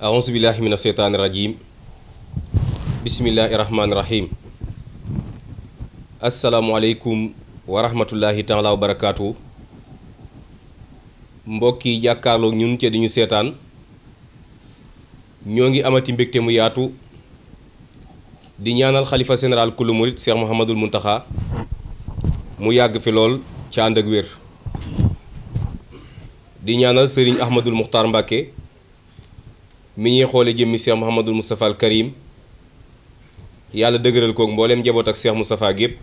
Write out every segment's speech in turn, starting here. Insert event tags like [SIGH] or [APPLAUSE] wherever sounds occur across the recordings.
aouzu billahi min asheytaani rajim bismillahi rahmaani rahim asalaamualeykum wa barakaatu mbokk yi jàkkaarloo ñun te di ñu seetaan ñoo ngi amati mbégte mu yaatu di ñaanal xalifa général kulu murit Cheikh Mouhamadul Muntaxa mu yàgg fi lool ca ànd ak wér di ñaanal sëriñ Ahmadul Muxtaar Mbàkke mi ñuy xoole jëmmi Cheikh Mouhamadul Moustapha al Karim yàlla dëgëral koog mbooleem njaboot ak Cheikh Moustapha gépp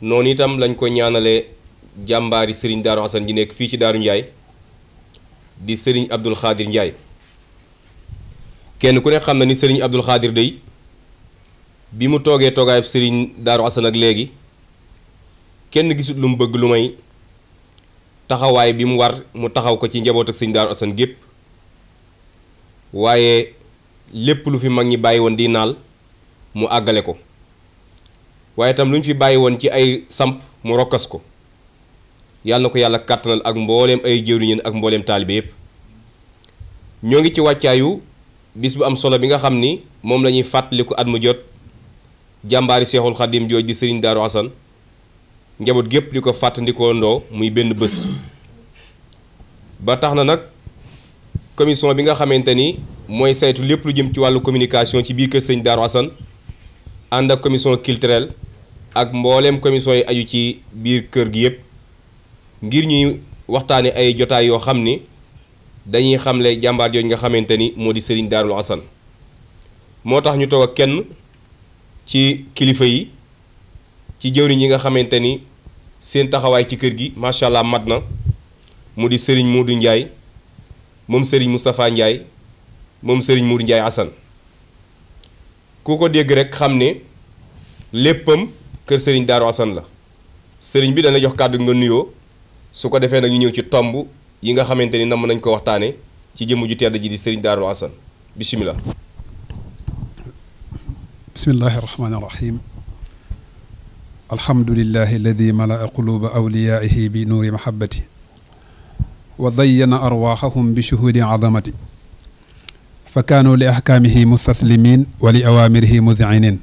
noonu itam lañ ko ñaanale jàmbaari sëriñ Daaru Xasan ji nekk fii ci Daaru Njaay di sëriñ Abdul Xaadir Njaay kenn ku ne xam na ni sëriñ Abdul Xaadir day bi mu toogee toogaayub sëriñ Daaru Xasan ak léegi kenn gisut lu mu bëgg lu may taxawaay bi mu war mu taxaw ko ci njaboot ak sëriñ Daaru Xasan gépp waaye lépp lu fi mag ñi bàyyi woon di naal mu àggale ko waaye tam lu ñu fi bàyyi woon ci ay samp mu rokkas ko yàlla na ko yàlla kàttanal ak mbooleem ay jëwriñeen ak mbooleem taalibe yépp ñoo ngi ci wàccaayu bis bu am solo bi nga xam ni moom lañuy fàttaliku at mu jot jàmbaari seexul xadim jooj di sëriñ daaru asan njaboot gépp di ko fàttandikoo ndoo muy benn bés ba tax na nag commission bi nga xamante ni mooy saytu lépp lu jëm ci wàllu communication ci biir kër sëñ Darou ànd commission culturelle ak mbooleem commission yi aju ci biir kër gi yëpp ngir ñuy waxtaane ay jotaay yoo xam ni dañuy xamle jàmbaar yooyu nga xamante ni moo di sëriñ Darou Assane moo tax ñu toog kenn ci kilifa yi ci jëwriñ yi nga xamante ni seen taxawaay ci kër gi macha allah mat na mu di sëriñ Modou Ndiaye. moom sëriñ Moustapha Ndiaye moom sëriñ Mour njaay Assane ku ko dégg rekk xam ne léppam kër sëriñ Daaru Assane la sëriñ bi dana jox kàddu nga nuyoo su ko defee nag ñu ñëw ci tomb yi nga xamante ni namm nañ ko waxtaane ci jëmm ju tedd ji di sëriñ Daaru Assane bisimilah. bismillahi rahmaani rahim alhamdulillahi alladi malaa quluba awliyaihi bi nuuri mahabbati wa dayyana arwaaxahum bi shuhuudi azamati fa kaanu li axkaamihi mustaslimiin wa li awaamirihi muzciniin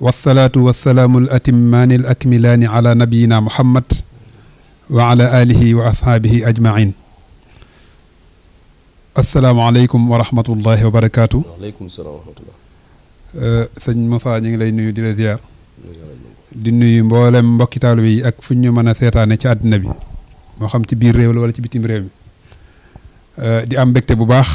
wasalaatu wasalaamu al atimmaani ala nabiyina muhammad wa ala wa ashaabihi ajmaciin asalaamaaleykum wa rahmatullahi wa barakaatu. waaleykum salaam wa uh, ñu ngi lay nuyu di la ziar. di nuyu mboolem mbokki taalibe ak fu ñu mën a seetaane ci àddina bi. moo xam ci biir réew la wala ci bitim réew mi euh, di am mbégte bu baax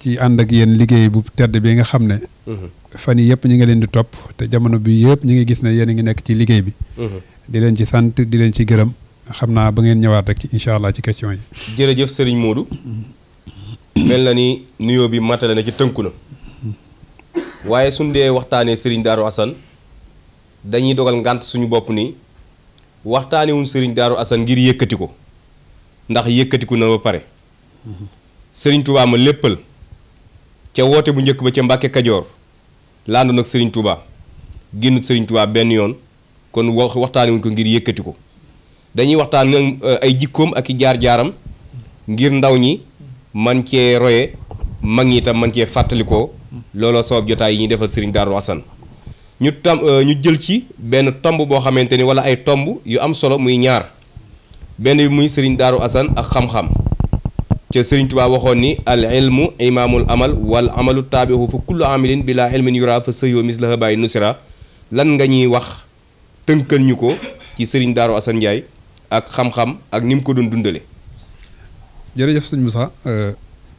ci ànd ak yéen liggéey bu tedd bi nga xam ne. Mhm. fan yii yëpp ñu ngi leen di topp te jamono bi yëpp ñu ngi gis ne yéen a ngi nekk ci liggéey bi. Mhm. di leen ci sant di leen ci gërëm xam naa ba ngeen ñëwaat rek incha allah ci question yi. jërëjëf Serigne Modou. mel na ni nuyoo bi matale na ci tënku na. waaye suñ dee waxtaanee Serigne Darou Assane dañuy dogal ngànt suñu bopp ni waxtaanee wuñ Serigne Darou ngir yëkkati ko. ndax yëkkatiku na ba pare sëriñ tubaa ma léppal ca woote bu njëkk ba ca mbàkke kajoor laa àndoon ak sëriñ tubaa génnut sëriñ tubaa benn yoon kon wax waxtaanewuñ ko ngir yëkkati ko dañuy waxtaan euh, ay jikkoom ak i jaar-jaaram ngir ndaw ñi man cee roye mag ñi itam man cee fàttalikoo looloo sabab jotaay yi ñuy defal sëriñ Daaru Asan ñu tam euh, ñu jël ci benn tomb boo xamante ni wala ay tomb yu am solo muy ñaar benn bi muy sëriñ daaru asan ak xam-xam ca sëriñ tubaa waxoon ni al ilmu imaamul amal wal amalu taabihu fa kullu amilin bi laa ilmin yura fa sëyoo mislaha bàyyi nusira lan nga ñuy wax tënkal ko ci sëriñ daaru asan njaay ak xam-xam ak ni mu ko doon dundale jërëjëf sëñ Moussa euh,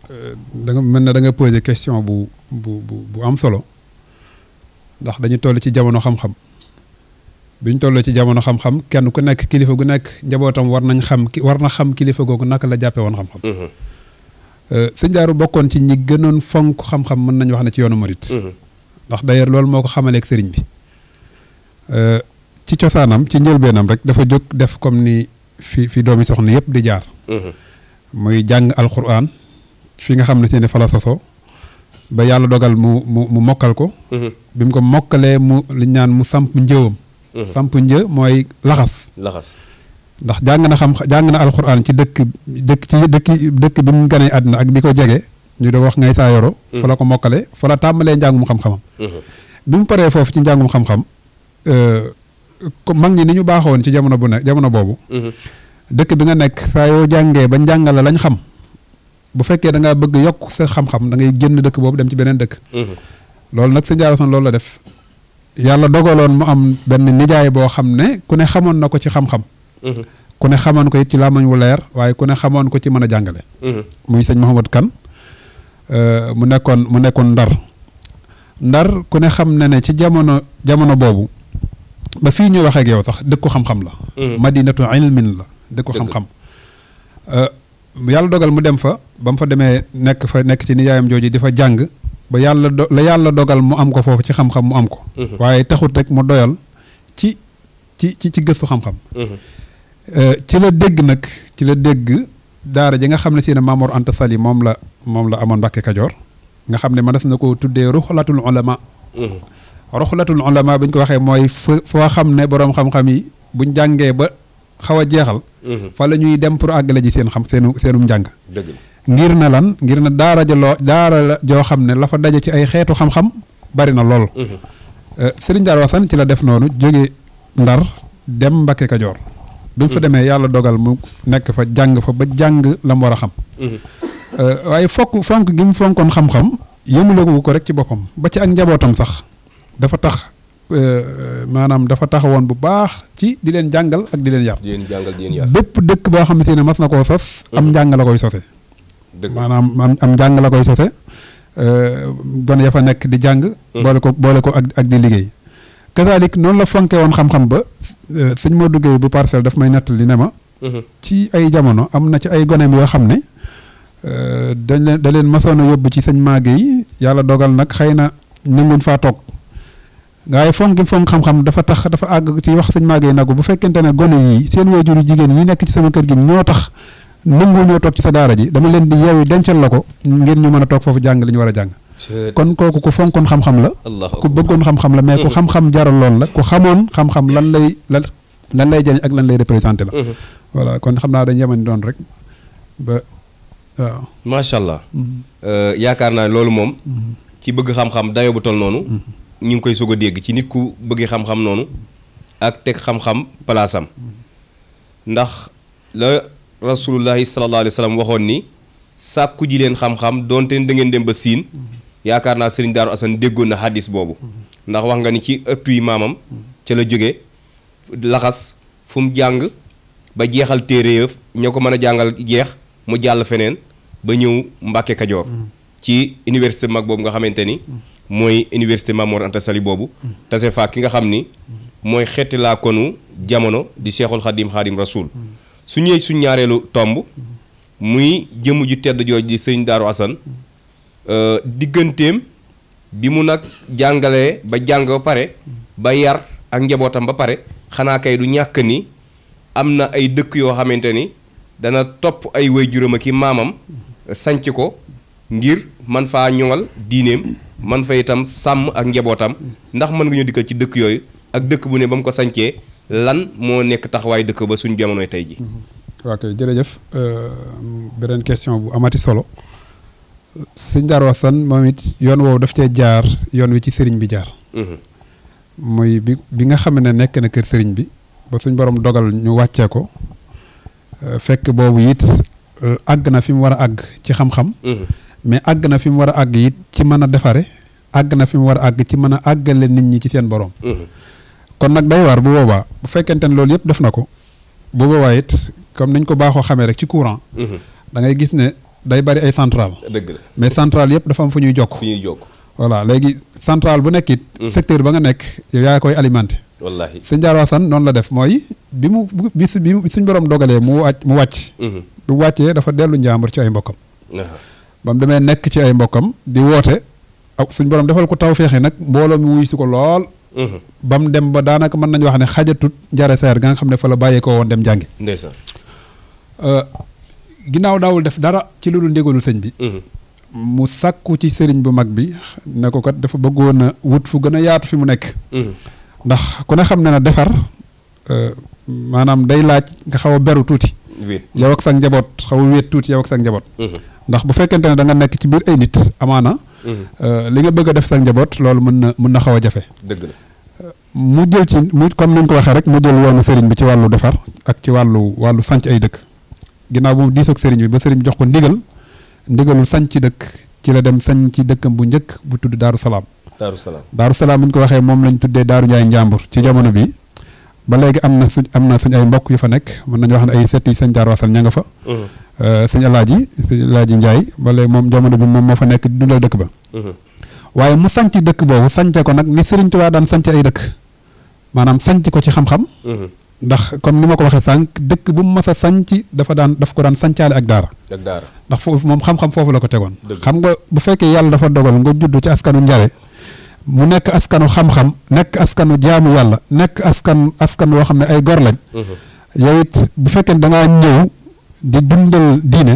euh, da nga mel ne da nga posé question bu bu bu am solo ndax dañu toll ci jamono xam-xam bi ñu tolloo ci jamono xam-xam kenn ku nekk kilifa gu nekk njabootam war nañ xam war na xam kilifa googu naka la jàppee woon xam-xam. Mm-hmm. Euh, sëñ Daaru bokkoon ci ñi gënoon fonk xam-xam mën nañu wax ne ci yoonu murit. Mm-hmm. ndax d'ailleurs loolu moo ko xamaleeg sëriñ bi. Euh, ci cosaanam ci njëlbeenam rek dafa jóg def comme ni fi fi doomi soxna yëpp di jaar. Mm-hmm. muy jàng alquran fi nga xam ne ci ne fa ba yàlla dogal mu mu mokkal ko. bim ko mokkalee mu liñ naan mu samp njëwam. samp mhm. një mooy laxas. laxas ndax jàng na xam jàng na alxuraan ci dëkk dëkk ci dëkk dëkk bi mu ganee àddina ak bi ko jege ñu doon wax ngay saa yoro mhm. fa la ko mokkale fa la tàmbalee njàngum xam xam mhm. bi mu paree foofu ci njàngum xam-xam. comme euh, mag ñi ni ñu baaxoon ci jamono bu ne jamono boobu. dëkk bi nga nekk saa yoo jàngee ba njàngale lañ xam. bu fekkee da ngaa bëgg yokk sa xam-xam da ngay génn dëkk boobu dem ci beneen dëkk. loolu nag sëñ Diarra Fane loolu la def yàlla dogaloon mu am benn nijaay boo xam ne ku ne xamoon na ko ci xam-xam. Mhm. ku ne xamoon ko it ci làmmiñ wu leer waaye ku ne xamoon ko ci mën a jàngale. Mhm. muy sëñ Mouhamad Kan euh, mu nekkoon mu nekkoon ndar ndar ku ne xam ne ne ci jamono jamono boobu ba fii ñu waxee ak yow sax dëkku xam-xam la. Mhm. madinatu ilmin la dëkku xam-xam. Euh, yàlla dogal mu dem fa ba mu fa demee nekk fa nekk ci nijaayam jooju dafa jàng. ba yàlla do la yàlla dogal mu am ko foofu ci xam-xam mu am ko. Mm-hmm. waaye taxut rek mu doyal ci ci ci ci gëstu xam-xam. Mm-hmm. Euh, ci la dégg nag ci la dégg daara ji nga xam ne si ne Maamoor Anta Sali moom la moom la amoon Mbàkke Kajoor nga xam ne ma des na ko tuddee ruxlatul ulama. Mm-hmm. ruxlatul ulama bi ñu ko waxee mooy foo xam ne boroom xam-xam yi buñ jàngee ba xaw a jeexal. fa la ñuy dem pour àggale ji seen xam seenu seenum njàng. dëgg ngir na lan ngir na daara ja loo la joo xam ne la fa daje ci ay xeetu xam-xam bari na lool. Mhm. Eh, Serigne Darou Assane ci la def noonu jóge Ndar dem Mbacke Kajoor. bi mu fa mhm. demee yàlla dogal mu nekk fa jàng fa ba jàng la mu war a xam. Mhm. Eh, waaye fokk fonk gi mu fonkoon xam-xam yëmulewu ko rek ci boppam ba ci ak njabootam sax dafa tax eh, maanaam dafa taxawoon bu baax ci di leen jàngal ak di leen yar. di leen jàngal di leen bépp dëkk boo xam ne mas na koo sos. am njàng la koy sose maanaam am am njàng la koy sose euh, gone ya fa nekk di jàng hmm. boole ko boole ko ak ak di liggéey kasaalik noonu la fonke woon xam-xam ba euh, sëñ moo duggee bu parcelle daf may nettali ne ma hmm. ci ay jamono am na ci ay goneem yoo xam ne euh, dañ leen da leen masoon a yóbbu ci sëñ maage yi yàlla dogal nag xëy na nanguñ faa toog waaye fonk fonk xam-xam dafa tax dafa àgg ci wax sëñ maage yi bu fekkente ne gone yi seen waajuru jigéen yi nekk ci sama kër gi ñoo tax nangu ñoo toog ci sa daara ji dama leen di yeewi dencal la ko ngir ñu mën a toog foofu jàng li ñu war a jàng kon kooku ku fonkoon xam-xam la ku bëggoon xam-xam la mais ku mm-hmm. xam-xam jaraloon la ku xamoon xam-xam lan lay lan lan lay jëriñ ak lan lay représenté la mm-hmm. voilà kon xam naa dañ yemani doon rek ba waaw macha allah mm-hmm. euh, yaakaar naa loolu moom ci bëgg xam-xam dayo bu tol noonu ñu ngi koy soog a dégg ci nit ku bëgg xam-xam noonu ak teg xam-xam palaasam ndax rasulullahi sallallahu alayhi wa waxoon ni sàkku ji leen xam-xam donte da ngeen dem ba siin yaakaar naa sëriñ Daaru Asan déggoon na xaddis boobu ndax wax nga ni ci ëttu yi maamam ca la jóge laxas fu mu jàng ba jeexal téere yëf ñoo ko mën a jàngal jeex mu jàll feneen ba ñëw Mbàkke Kajoor ci université mag boobu nga xamante ni mooy université Mamour Anta Sali boobu tase fa ki nga xam ni mooy xetti laa konu jamono di Cheikhul Khadim Khadim Rasoul su ñëwee suñ ñaareelu tomb muy jëmm ju tedd jooj di sëñ Daaru Asan euh, digganteem bi mu nag jàngalee ba jàng ba pare ba yar ak njabootam ba pare xanaa kay du ñàkk ni am na ay dëkk yoo xamante ni dana topp ay waajuram ak ki maamam sanc ko ngir man faa ñoŋal diineem man fa itam sàmm ak njabootam ndax mën nga ñu dikkal ci dëkk yooyu ak dëkk bu ne ba mu ko sañcee lan moo nekk taxawaay dëkk ba suñ jamonoy tey ji mhm. ok jërëjëf euh, beneen question bu amati solo sëñ Darou Assane moom it yoon woowu daf cee jaar yoon wi ci sëriñ bi jaar mhm. mooy bi bi nga xam ne nekk na kër sëriñ bi ba suñ borom dogal ñu wàccee ko euh, fekk boobu it euh, àgg na fi mu war a àgg ci xam-xam mhm. mais àgg na fi mu war a àgg it ci mën a defare àgg na fi mu war a àgg ci mën a àggale nit ñi ci seen borom kon nag day waar bu boobaa bu fekkente ne loolu yëpp def na ko bu boobaa it comme nañ ko baaxoo xamee rek ci courant. Mhm. dangay gis ne day bari ay central dëgg la mais central yëpp dafa am fu ñuy jokk. fu ñuy jokk voilà léegi central bu nekk it. Mhm. secteur ba nga nekk yow yaa koy alimenté. wallaahi sëñ Diarra Assane noonu la def mooy bi mu bi bi suñ borom dogalee mu wàcc mu wàcc. Mhm. bu wàccee dafa dellu njàmbur ci ay mbokkam. ba mu demee nekk ci ay mbokkam di woote ak suñ borom defal ko taw feexe nag mbooloo mi wuy si ko lool. ba mu dem ba daanaka mën nañu wax ne xajatut njare seer ga nga xam ne fa la bàyyeekoo woon dem jàngi. ndeysaan. Euh, ginnaaw daawul def dara ci lu dul sëñ bi. Mhm. mu sàkku ci sëriñ bu mag bi ne ko kat dafa bëggoon a wut fu gën a yaatu fi mu nekk. Mhm. ndax ku ne xam ne na defar euh, maanaam day laaj nga xaw a beru tuuti. yow ak sa njaboot xawa a wéet tuuti yow ak njaboot. Mhm. ndax bu fekkente ne da nga nekk ci biir ay nit amaana. Hmm. Euh, li nga bëgg a def sa njaboot loolu mën na mën na xaw a jafe. dëgg euh, mu jël ci mu comme ni ñu ko waxee rek mu jël woonu sëriñ bi ci wàllu defar ak ci wàllu wàllu sanc ay dëkk ginnaaw bu mu diisoog sëriñ bi ba sëriñ bi jox ko ndigal ndigalul ci dëkk ci la dem sanc ci dëkkam bu njëkk bu tudd Daaru Salaam. Daaru Salaam Daaru Salaam bu ñu ko waxee moom lañu tuddee Daaru Njaay Njàmbur ci jamono bi ba léegi am na suñ am na suñ ay mbokk yu fa nekk mën nañu wax ne ay setti sëñ Jaar Wasal ña fa. Mm-hmm. Euh, sëñ Alaaji sëñ Alaaji Njaay ba léegi moom jamono bi moom moo fa nekk di dundal dëkk ba. Mm-hmm. waaye mu sanc dëkk boobu sance ko nag ni Sëriñ Tuubaa daan sance dëkk maanaam sanc ko ci xam-xam. Mm-hmm. ndax comme ni ma ko waxee sànq dëkk bu mu mas a sanc dafa daan daf ko daan sancaale ak daara. ak daara ndax foofu moom xam-xam foofu la ko tegoon. xam nga bu fekkee yàlla dafa dogal nga juddu ci askanu Njare. mu nekk askanu xam-xam nekk askanu jaamu yàlla nekk askan askan woo xam ne ay gor lañ. Mhm. yow it bu fekkee da ngaa ñëw di dundal diine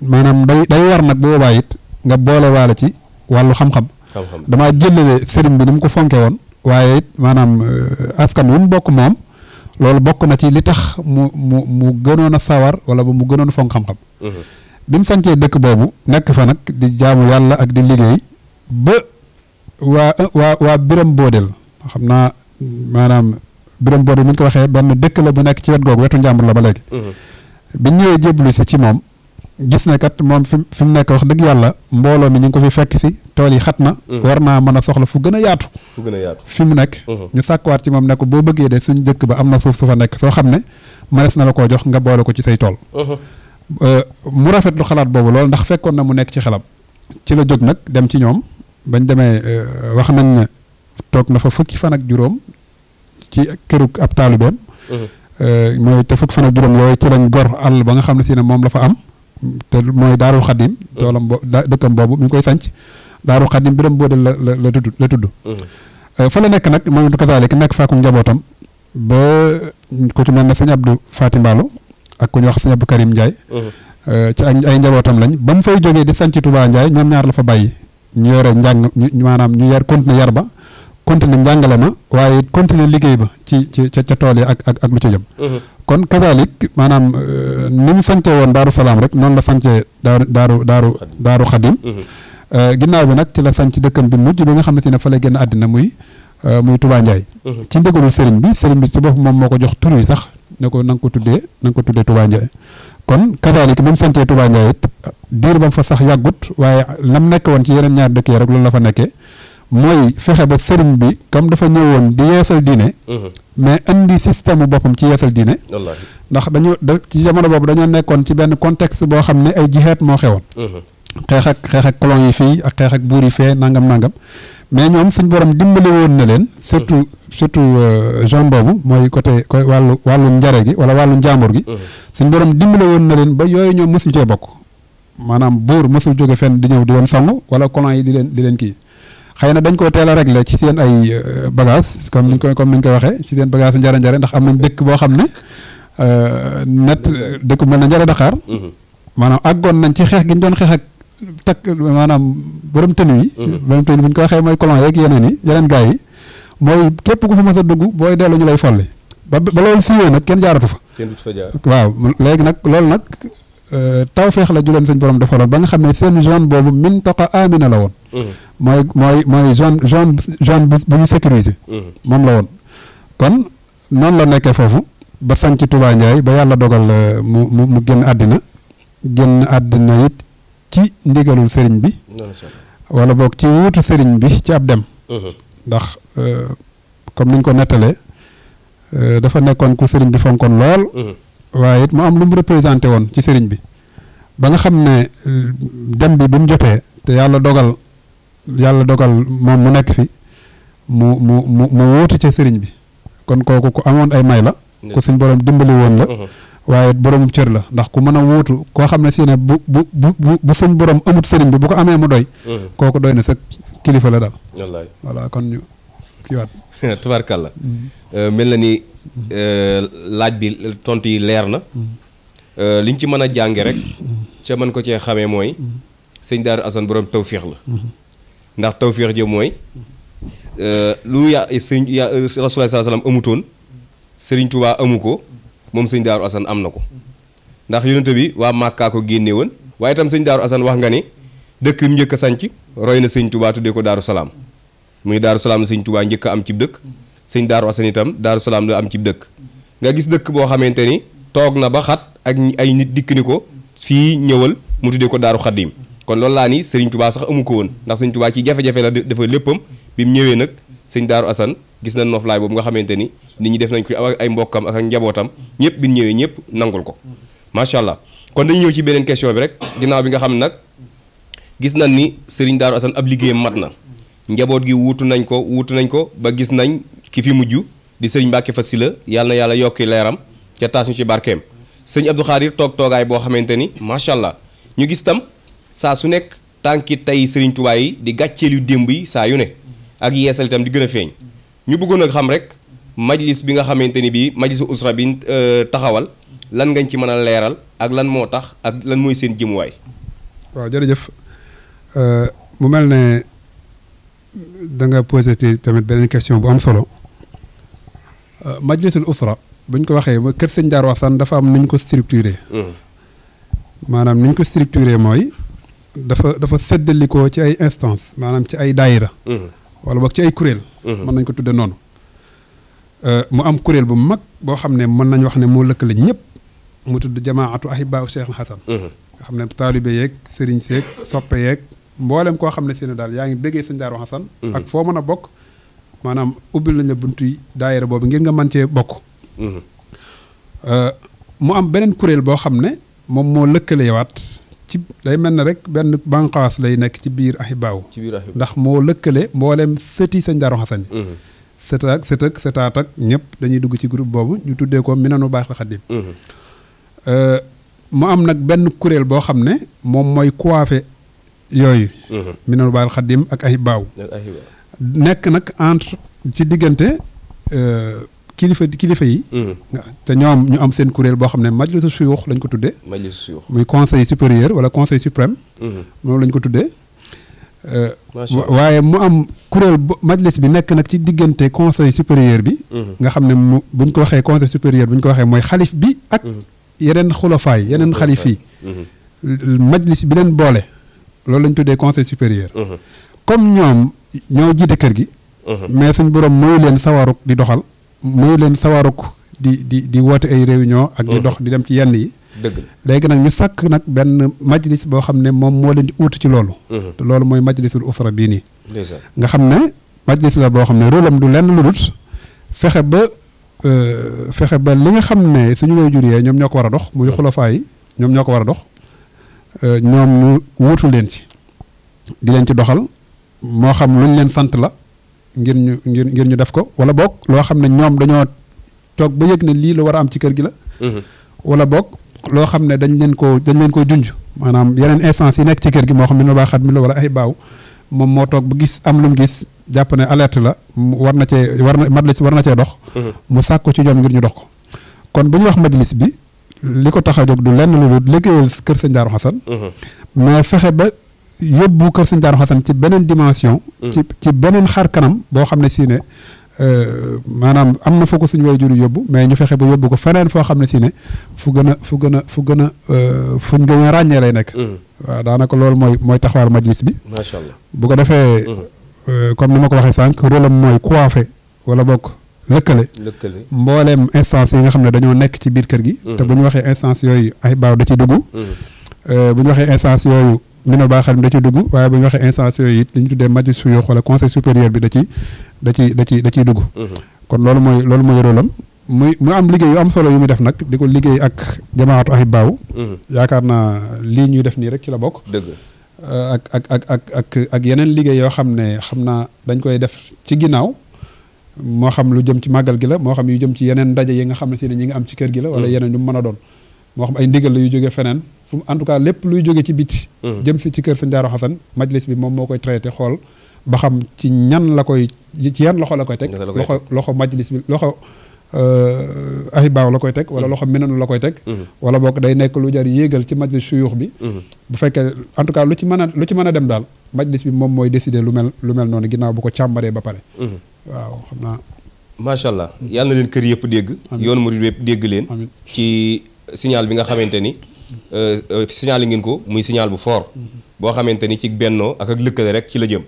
maanaam day day war nag bu it nga boole waale ci wàllu xam-xam. xam-xam damaa jëlale bi ni mu ko fonke woon. waaye it maanaam euh, askan wi mu bokk moom loolu bokk na ci li tax mu mu mu gënoon a sawar wala mu gënoon a fonk xam-xam. Mhm. bi mu sancee dëkk boobu nekk fa nag di jaamu yàlla ak di liggéey waa waa waa Biram Boodel xam naa maanaam Biram Boodel bu ñu ko waxee benn dëkk la bu nekk ci wet googu wetu njàmbur la ba léegi. Mhm. bi ñëwee jéblu si ci moom gis ne kat moom fi fi mu wax dëgg yàlla mbooloo mi ñu ngi ko fi fekk si tool yi xat na. Mhm. war naa mën a soxla fu gën a yaatu. fu gën a yaatu mu nekk. Mhm. ñu sàkkuwaat ci moom ne ko boo bëggee de suñ dëkk ba am na suuf su fa nekk soo xam ne mënees na la koo jox nga boole ko ci say tool. Euh, mu rafetlu xalaat boobu loolu ndax fekkoon na mu nekk ci xelam. ci la jóg nag dem ci ñoom bañ demee euh, wax nañ ne toog na fa fukki fan ak juróom ci këruk ab taalu taalibeem mhm. euh, mooy te fukki fan ak juróom yooyu ci lañ gor àll ba nga xam ne si ne moom la fa am te mooy daarul xadim mhm. toolam bo dëkkam boobu mu ngi koy sanc daarul xadim bi dem boo de la la tudd la tudd mhm. euh, fa la nekk nag moom kasaalik nekk faaku njabootam boo ku ci mel ne sëñ Abdou Faty Mballo ak ku ñuy wax sëñ Abdou Karim Ndiaye ci ay njabootam lañ ba mu fay jógee di sanc Touba Ndiaye ñoom ñaar la fa bàyyi ñu yore njàng ñu maanaam ñu yar continuer yar ba continuer njàngale ma waaye it continuer liggéey ba ci ci ca tool yi ak ak ak lu ca jëm. Mhm. kon kazalik maanaam euh, ni mu sàncee woon daaru salaam rek noonu la sàncee daaru daaru daaru daaru xadim. Mhm. Euh, ginnaaw bi nag ci la sànc dëkkam bi mujj bi nga xamante ne fa lay génn àddina muy euh, muy Touba Ndiaye. Mhm. ci ndigalu sëriñ bi sëriñ bi ci moom moo ko jox tur yi sax ne ko na nga ko tuddee nang ko tuddee Touba Ndiaye. kon kadaalika bi mu sancee Touba Ndiaye it diir ba mu fa sax yàggut waaye lam nekk woon ci yeneen ñaari dëkk rek loolu la fa nekkee mooy fexe ba sëriñ bi comme dafa ñëwoon di yeesal diine. Mhm. mais indi système mu boppam ci yeesal diine. ndax dañu da ci jamono boobu dañoo nekkoon ci benn contexte boo xam ne ay jixeet moo xewoon. Mhm. xeex ak xeex ak colon yi fii ak xeexak ak buur yi fee nangam nangam mais ñoom suñ borom dimbali woon na leen. surtout surtout euh, zone boobu mooy côté koy wàllu wàllu njare gi wala wàllu njàmbur gi. suñ borom dimbali woon na leen ba yooyu ñoom mosuñ cee bokk. maanaam buur mosul jóge fenn di ñëw di woon song wala colon yi di leen di leen kii xëy na dañ koo teel rek régler ci seen ay euh, bagages comme niñ koy comme niñ koy waxee ci seen bagage njare njare ndax am nañ dëkk boo xam ne euh, net dëkk mel na njare Dakar. maanaam àggoon nañ ci xeex gi ñu doon xeex takk maanaam boroom tenue yi. Mhm. borom tenue bu ñu ko waxee mooy colon yeeg yeneen yi yeneen gars yi mooy képp ku fa mës dugg booy dellu ñu lay folli ba ba loolu siiwee nag kenn jaaratu fa. kenn du waaw léegi nag loolu nag euh, taw feex la ju leen suñ borom defaloon ba nga xam ne seen zone boobu min toqa amina la woon. Mhm. mooy mooy mooy zone zone zone bu ñu sécuriser. Mhm. moom la woon kon noonu la nekkee foofu ba sanc Touba Ndiaye ba yàlla dogal euh, mu mu mu génn àddina génn àddina ci ndigalul sëriñ bi. wala boog ci wuutu sëriñ bi ci ab dem. Mhm. ndax euh, comme niñ ko nettalee euh, dafa nekkoon ku sëriñ bi fonkoon lool. Mhm. waaye it mu am lu mu représenté woon ci sëriñ bi ba nga xam ne dem bi bu mu jotee te yàlla dogal yàlla dogal moom mu nekk fi mu mu mu mu wuutu ca sëriñ bi kon kooku ku amoon ay may la. ku suñ borom dimbali woon la mm-hmm. waaye boromum cër la ndax ku mën a wóotu koo xam ne si ne bu bu bu bu suñ borom amut sëriñ bi bu ko amee mu doy mm-hmm. kooku doy na sa kilifa la daal wallaay voilà kon ñu kiiwaat [LAUGHS] la mm-hmm. euh, mel na ni euh, laaj bi tontu yi leer na euh, liñ ci mën a jànge rek ca mën ko cee xamee mooy sëñ Daaru Assane borom tawféex la ndax tawféex ji mooy lu ya sëñ ya Rasulullah sallallahu amutoon sëriñ Touba amu ko moom sëñ Daaru Assane am na ko ndax yonent bi waa Màkkaa ko génne woon waaye itam sëñ Daaru Assane wax nga ni dëkk bi mu njëkk sanc roy na sëñ Touba tuddee ko Daaru Salaam muy Daaru Salaam la njëkk am cib dëkk sëñ Daaru Assane itam Daaru Salaam la am ci dëkk nga gis dëkk boo xamante ni toog na ba xat ak ay nit dikk ni ko fii ñëwal mu tuddee ko Daaru Xaddim kon loolu laa ni sëriñ Touba sax amu ko woon ndax sëñ Touba ci jafe-jafe la dafa léppam bi mu ñëwee nag sëñ Daaru Assane gis na noflaay boobu nga xamante ni nit ñi def nañ ko ak ay mbokkam ak ak njabootam ñëpp bi ñëwee ñëpp nangul ko macha allah kon dañu ñëw ci beneen question bi rek ginnaaw bi nga xam nag gis nañ ni Serigne Darou Assane ab liggéeyam mat na njaboot gi wuutu nañ ko wuutu nañ ko ba gis nañ ki fi mujj di Serigne Mbacke Fassila yàlla na yàlla yokki leeram ca taas ñu ci barkeem sëñ Abdou Khadir toog toogaay boo xamante ni macha allah ñu gis tam saa su nekk tànki tey Serigne di gàcceel yu démb yi saa yu ne ak yeesal di gën a feeñ. ñu bëggoon ak xam rek majlis bi nga xamante ni bii majlisu usra bi euh, taxawal lan ngañ ci mën a leeral ak lan moo tax ak lan mooy seen jëmuwaay. waaw jërëjëf euh, mu mel ne da nga posé tamit beneen question bu am solo euh, majlisul usra buñ ko waxee ba kër sëñ Darou Assane dafa am nuñ ko structuré. Hmm. maanaam niñ ko structuré mooy dafa dafa séddali ko ci ay instance maanaam ci ay daayira hmm. wala boog ci ay kuréel. Mm-hmm. mën nañ ko tudde noonu euh, mu am kuréel bu mag boo xam ne mën nañ wax ne moo lëkkale ñëpp mu tudd jamaatu ahibaa Cheikh Xasan mm-hmm. nga xam ne taalibe yeeg sëriñ seeg soppe yeeg mboolem koo xam ne seeni daal yaa ngi béggee sëñ Daaru Xasan mm-hmm. ak foo mën a bokk maanaam ubbil nañ la buntuy daayira boobu ngir nga mën cee bokk euh, mu am beneen kuréel boo xam ne moom moo lëkkalewaat ci day mel ne rek benn banqaas lay nekk ci biir ahibaaw ndax moo lëkkale mbooleem sëti sëñ Daaru Xasan mhm. sëtaak sëtëk sëtaat ak ñëpp dañuy dugg ci groupe boobu ñu tuddee ko Minanu Baaxil Xadim mhm. euh, mu am nag benn kuréel boo xam ne moom mooy coiffé yooyu mhm. Minanu Baaxil Xadim ak ahibaaw nekk nag entre ci diggante euh, kilifa di kilifa yi. Hmm. te ñoo am ñu am seen kuréel boo xam ne majlisu suyuux lañ ko tuddee. majlisu suyuux muy conseil supérieur wala conseil suprême. Hmm. moom lañ ko tuddee. Euh, waaye mu am kuréel majlis bi nekk nag ci diggante conseil supérieur bi. Hmm. nga xam ne mu buñ ko waxee conseil supérieur buñ ko waxee mooy xalif bi ak. yeneen xulafaay yeneen xalif yi. majlis bi leen boole. loolu lañ tuddee conseil supérieur. comme ñoom ñoo jiite kër gi. mais suñ borom mooy leen sawaruk di doxal. mayu leen sawaruk di di di woote ay réunion ak di mm-hmm. dox di dem ci yenn yi dëgg léegi nag ñu sakk nag benn majlis boo xam ne moom moo leen di uut ci loolu mm-hmm. loolu mooy majlisul usra bii nii nga xam ne majlis la boo xam ne rôlam du lenn lu fexe ba euh, fexe ba li nga xam ne suñu way juree ñoom ñoo ko war a dox muy mm-hmm. xulafaa yi ñoom ñoo ko war a dox euh, ñoom ñu wuutu leen ci di leen ci doxal moo xam luñ leen sant la ngir ñu ngir ngir ñu def ko wala boog loo xam ne ñoom dañoo toog ba yëg ne lii lu war a am ci kër gi la. Mm-hmm. wala boog loo xam ne dañ leen ko dañ leen koy junj maanaam yeneen instance yi nekk ci kër gi moo xam ne nu baaxaat mi la wala ay baaw moom moo toog ba gis am lu mu gis jàpp ne alerte la war na cee war na mat la war na cee dox. Mm-hmm. mu sàkku ci ñoom ngir ñu dox ko. kon bu ñu wax majlis bi li ko tax a jóg du lenn lu liggéeyal kër Sëñ Daaru Xasan mm-hmm. mais fexe ba yóbbu kër sëñ Daaru Xasan ci beneen dimension. Mm. ci ci beneen xar kanam boo xam ne si ne euh, maanaam am na foo ko suñu way juru yóbbu mais ñu fexe ba yóbbu ko feneen foo xam ne si ne fu gën a fu gën a fu gën a euh, fuñ gën a ràññee lay nekk. Mm. waaw daanaka loolu mooy mooy taxawaaru majlis bi. macha allah bu ko defee. Mm. Euh, comme ni ma ko waxee sànq rôle am mooy coiffé wala bokk lëkkale. lëkkale mbooleem instance yi nga xam ne dañoo nekk ci biir kër gi. te bu ñu waxee instance yooyu ay baaw da ci dugg. bu ñu waxee instance yooyu. mi no baa xarim da ci dugg waaye bu ñu waxee instance yooyu it li ñu tuddee magistrat yoo wala conseil supérieur bi da ci da ci da ci da dugg mhm. kon loolu mooy loolu mooy rôlam muy mu am liggéey yu am solo yu muy def nag di ko liggéey ak jamaatu baaw mhm. yaakaar naa lii ñuy def nii rek ci la bokk dëgg euh, ak ak ak ak ak yeneen liggéey yoo xam ne xam naa dañ koy def ci ginnaaw moo xam lu jëm ci màggal gi la moo xam yu jëm ci yeneen ndaje yi nga xam ne si ne ñi nga am ci kër gi la wala mhm. yeneen yu mu mën a doon moo xam ay la yu jógee feneen fu mu en tout cas lépp luy jóge ci biti mm-hmm. jëm si ci kër Sëñ Daaru Xasan majlis bi moom moo koy traité xool ba xam ci ñan la koy ci yan loxo la koy teg loxo loxo majlis bi loxo euh, ahibaaw la koy teg wala mm-hmm. loxo menanu la koy teg mm-hmm. wala boog day nekk lu jar yéegal ci majlis suyuux bi bu fekkee en tout cas lu ci mën a lu ci mën a dem daal majlis bi moom mooy décider lu mel lu mel noonu ginnaaw bu ko càmbaree ba pare waaw xam naa macha allah yàlla na leen kër yëpp dégg yoonu murid yëpp dégg leen ci signal bi nga xamante ni Euh, euh, signalé ngeen ko muy signal bu foor boo xamante ni ci bennoo ak ak lëkkale rek ci la jëm.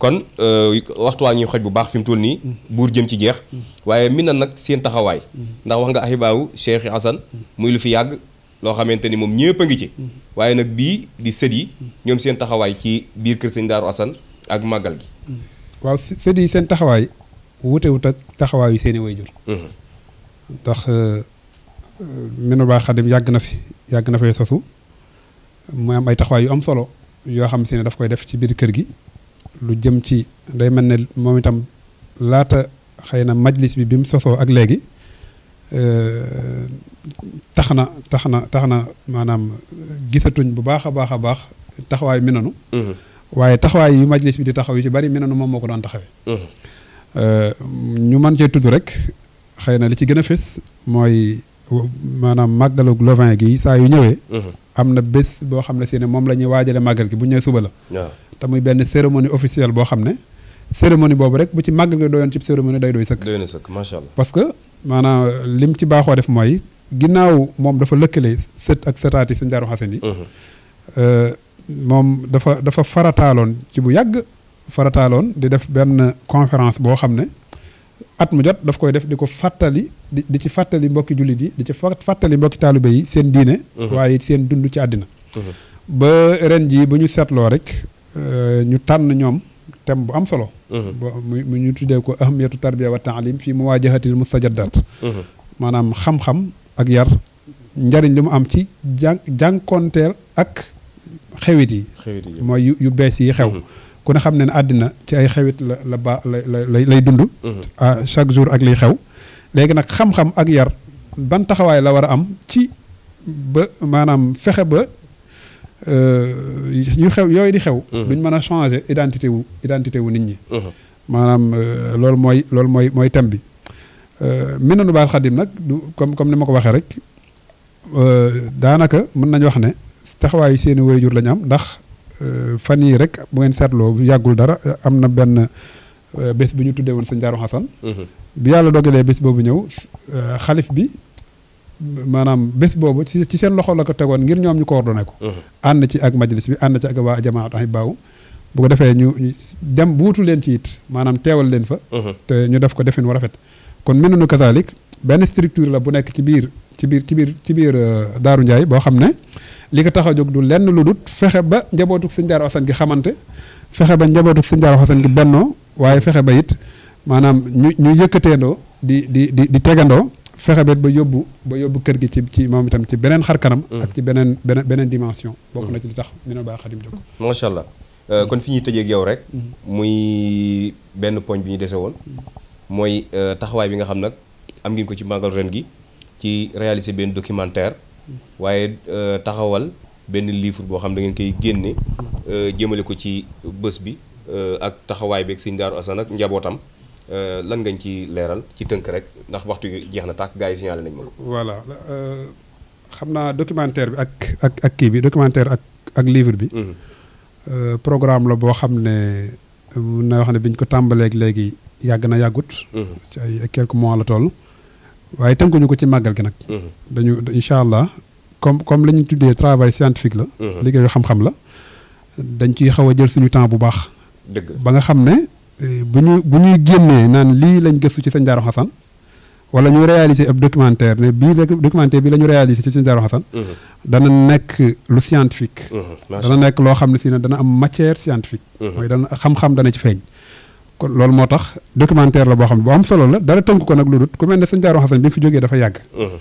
kon euh, waxtuwaa ñuy xoj bu baax fi mu toll nii. buur jëm ci jeex. waaye mi na nag seen taxawaay. ndax wax nga ahibaawu Cheikh assan muy lu fi yàgg loo xamante ni moom ñëpp a ngi ci. waaye nag bii di sët yi ñoom seen taxawaay ci biir kër sëñ Daaru assan ak màggal gi. waaw sët seen taxawaay wutewut ak taxawaayu seeni wayjur. Mm-hmm. ndax. Euh, Minanu Baa Xadim yàgg na fi yàgg na fay sosu mu am ay taxawaay yu am solo yoo xam si ne daf koy def ci biir kër gi lu jëm ci day mel ne moom itam laata xëy na majlis bi bi mu sosoo ak léegi euh, tax na tax na tax na maanaam gisatuñ bu baax a baax a baax taxawaay Minanu mm-hmm. waaye taxawaay yu majlis bi di taxaw yu ci bari Minanu moom moo ko doon taxawee mm-hmm. euh, ñu mën cee tudd rek xëy na li ci gën a fes mooy maanaam màggalu Louvain gi saa yu ñëwee. Mhm. am na bés boo xam ne si ne moom la ñuy waajalee màggal gi bu ñëwee suba la. waaw te muy benn cérémonie officielle boo xam ne. cérémonie boobu rek bu ci màggal gi doyoon ci cérémonie day doy sëkk. doy na sëkk macha allah. parce que maanaam lim ci baaxoo def mooy ginnaaw moom dafa lëkkale set ak sëtaati sa njaaru xasan yi. Mhm. Euh, moom dafa dafa farataaloon ci bu yàgg farataaloon di def benn conférence boo xam ne. at mu jot daf koy def di ko fàttali di di ci fàttali mbokki jullit yi di ci fàttali mbokki taalibe yi seen diine. Mhm. waaye seen dund ci àddina. Mhm. ba ren jii ba ñu seetloo rek euh, ñu tànn ñoom thème bu am solo. mu mhm. mu ñu tuddee ko ahamiyatu tarbiya wa taalim fii muwaajahatil mustajaddaat maanaam xam-xam ak yar njariñ li mu am ci jàn jànkonteel ak xewit yi. mooy yu yu bees yi xew. ku ne xam ne ne àddina ci ay xewit la la ba lay lay dund. Mhm. à chaque jour ak liy xew. léegi nag xam-xam ak yar ban taxawaay la war a am ci ba maanaam fexe ba euh, yu xew yooyu di xew. Mhm. duñ mën a changer identité wu identité wu nit ñi. Mhm. maanaam euh, loolu mooy loolu mooy mooy thème bi. Euh, Minanul Baaqil Xadim nag du comme comme ni ma ko waxee rek daanaka mën nañu wax ne taxawaayu seeni waajur la ñu am ndax. Euh, fan yii rek bu ngeen seetloo bu yàggul dara am na benn euh, bés bu ñu tuddee woon sëñ Daaru Xasan mhm. bi yàlla dogalee bés boobu ñëw euh, xalif bi maanaam bés boobu ci seen loxo la ko tegoon ngir ñoom ñu coordonné ko mhm. ànd ci ak majlis bi ànd ci ak waa jamaatu ahibaaw bu ko defee ñu dem wuutu leen ci it maanaam teewal leen fa mhm. te ñu def ko defin wu rafet kon Minanu Kazaalik benn structure la bu nekk ci biir ci biir ci biir ci biir Daaru Ndiaye boo xam ne li ko taxaw a du lenn lu dut fexe ba njabootu sëñ Daaru Asan gi xamante fexe ba njabootu sëñ Daaru Asan gi bennoo waaye fexe ba it maanaam ñu ñu yëkkateendoo di di di di tegandoo fexe ba yóbbu ba yóbbu kër gi ci ci moom itam ci beneen xar kanam. Mm. ak ci beneen beneen beneen dimension. bokk na ci li tax ñu ne baa Xadim jóg. macha allah euh, kon fi ñuy tëjee yow rek. Mm-hmm. muy benn poñ bi ñu desee woon. Mm-hmm. mooy euh, taxawaay bi nga xam nag am ngeen ko ci màggal ren gi ci réaliser benn documentaire. waaye euh, taxawal benn livre boo xam da ngeen koy génne euh, jëmale ko ci bës bi euh, ak taxawaay beeg sëñ Daaru Asan ak njabootam lan ngañ ci leeral ci tënk rek ndax waxtu jeex na tàkk gars yi signalé nañ ma ko. voilà xam naa documentaire bi ak ak ak kii bi documentaire ak ak livre bi. Mhm. programme la boo xam ne mun na wax ne biñ ko tàmbaleeg léegi yàgg na yàggut. Mhm. ci ay quelques mois la toll. waaye tënkuñu ko ci màggal gi nag. Mm-hmm. dañu incha allah comme comme li ñu tuddee travail scientifique la. Mm-hmm. liggéeyu xam-xam la. dañ ciy xaw a jël suñu temps bu baax. dëgg ba nga xam ne eh, bu ñu bu ñuy génnee naan lii lañ gësu ci sëñ Darou Xassane wala ñu réaliser ab documentaire ne bii documentaire bi la réaliser ci sëñ Darou Xassane mm-hmm. dana nekk lu scientifique. dana nekk loo xam ne si ne dana am matière scientifique. mooy dana xam-xam dana ci feeñ. kon loolu moo tax documentaire la boo xam ne boo am solo la dara tënk ko nag lu dut ku mel ne sëñ Darou Hassane bi mu fi jógee dafa yàgg mhm.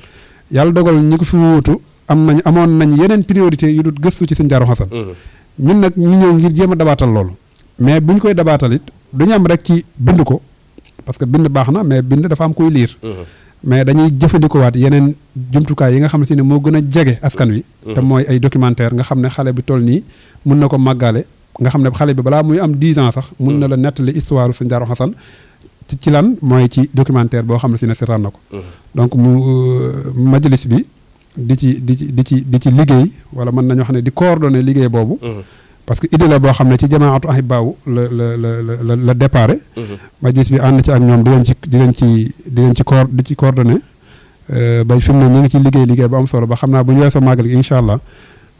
yàlla dogal ñu ko fi wuutu am nañ amoon nañ yeneen priorité yu dut gëstu ci sëñ Darou Hassane mhm. ñun nag ñu ñëw ngir jéem a dabaatal loolu mais bu ñu koy dabaatal it du ñu am rek ci bind ko parce que bind baax na mais bind dafa am kuy liir mhm. mais dañuy jëfandikoowaat yeneen jumtukaay yi nga xamante ne moo gën a jege askan wi te mooy ay documentaire nga xam ne xale bi toll nii mun na ko màggale nga xam ne xale bi balaa muy am 10 ans sax mun na la hmm. nettali histoire sëñ Darou Hassane ci lan mooy ci documentaire boo xam ne si ne seetaan na ko hmm. donc mu euh, majlis bi di ci di ci di ci di ci liggéey wala mën nañu wax ne di coordonné liggéey boobu hmm. parce que idée boo xam ne ci jamaatu ahibaaw la la la la la déparé majlis bi ànd ci ak ñoom di leen ci di leen ci di leen ci coor di ci coordonné euh, bay fi mu ne ñu ngi ci liggéey liggéey am solo ba xam naa bu ñu weesoo màggal gi incha allah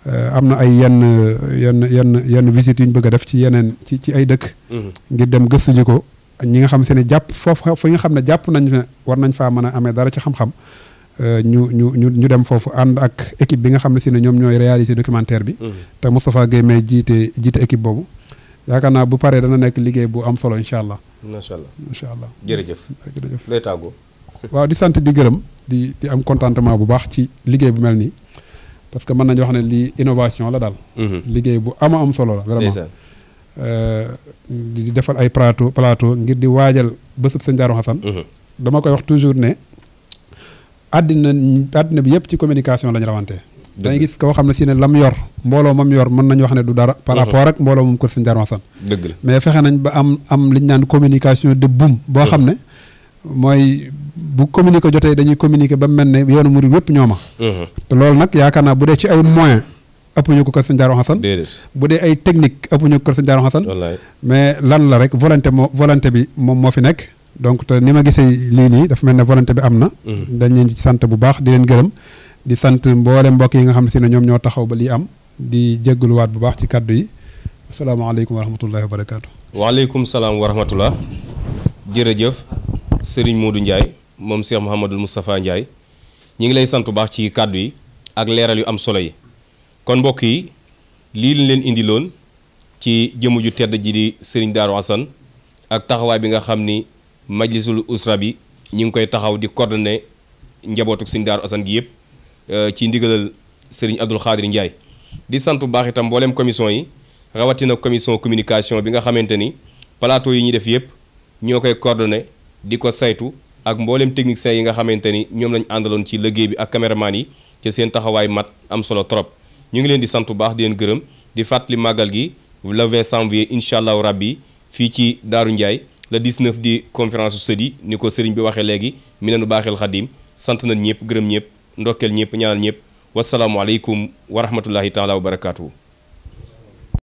Euh, am na ay yenn yenn yenn yenn visite yu ñu bëgg a def ci yeneen ci ci ay dëkk. Mhm. ngir dem gëstu ji ko ñi nga xam se ne jàpp foofu fi nga xam ne jàpp nañ ne war nañ faa mën a amee dara ci xam-xam euh, ñu ñu ñu ñu dem foofu ànd ak équipe bi nga xam ne si ne ñoom ñooy réaliser documentaire bi. Mhm. te Moustapha Guèye may jiite jiite équipe boobu. yaakaar naa bu paree dana nekk liggéey bu am solo incha allah. macha allah macha allah jërëjëf. jërëjëf waaw di sant di gërëm di di am contentement bu baax ci liggéey bu mel nii. parce que mën nañu wax ne lii innovation la daal. Mhm. liggéey bu ama am solo la. vraiment euh, di defal ay plateau plateau ngir di waajal bésub sëñ Darou Assane. Mhm. dama koy wax toujours ne. àddina àddina bi yëpp ci communication lañ rawante. dëgg gis koo xam ne si ne lam yor mbooloo mam yor mën nañu wax ne du dara. par mhm. rapport ak mbooloo moom kër sëñ Darou Assane. la mais fexe nañ ba am am li ñu naan communication de boom boo xam ne mooy. bu communiqué jotee dañuy communiqué ba mel ne yoonu murid wépp ñoo mhm. te loolu nag yaakaar naa bu dee ci ay moyen ëpp ñu ko kër Sëñ Jaaro Xasan bu dee ay technique ëpp ñu ko kër Sëñ Jaaro Xasan mais lan la rek volonté moo volonté bi moom moo fi nekk donc te ni ma gisee lii nii dafa mel ne volonté bi am na mhm. dañ leen ci sant bu baax di leen gërëm di sant mboole mbokk yi nga xam ne si ne ñoom ñoo taxaw ba lii am di jégguluwaat bu baax ci kàddu yi asalaamaaleykum wa rahmatullahi wa barakaatu waaleykum wa rahmatullah jërëjëf Serigne Modou Ndiaye moom Cheikh Mouhamadul Moustapha Ndiaye ñi ngi lay sant bu baax ci kàddu yi ak leeral yu am solo yi kon mbokk yi lii lañ leen indi loon ci jëmm ju tedd ji di Serigne Darou Assane ak taxawaay bi nga xam ni majlisul usra bi ñu ngi koy taxaw di coordonné njabootu Serigne Darou Assane gi yëpp euh, ci ndigalal Serigne Abdoul Khadir Ndiaye di sant bu baax itam mbooleem commission yi rawatina commission communication bi nga xamante ni palaato yi ñu def yëpp ñoo koy coordonné di ko saytu ak mboolem techniciens yi nga xamante ni ñoom lañu àndaloon ci liggéey bi ak caméraman yi ci seen taxawaay mat am solo trop ñu ngi leen di sant bu baax di leen gërëm di fàttali màggal gi le 20 janvier incha allahu rabbi fii ci Daaru Ndiaye le 19 di conférence su sëdi ni ko sëriñ bi waxee léegi mi nenu baaxel xadim sant nañ ñëpp gërëm ñëpp ndokkeel ñëpp ñaanal ñëpp wasalaamualeykum wa rahmatullahi taala wa barakaatu.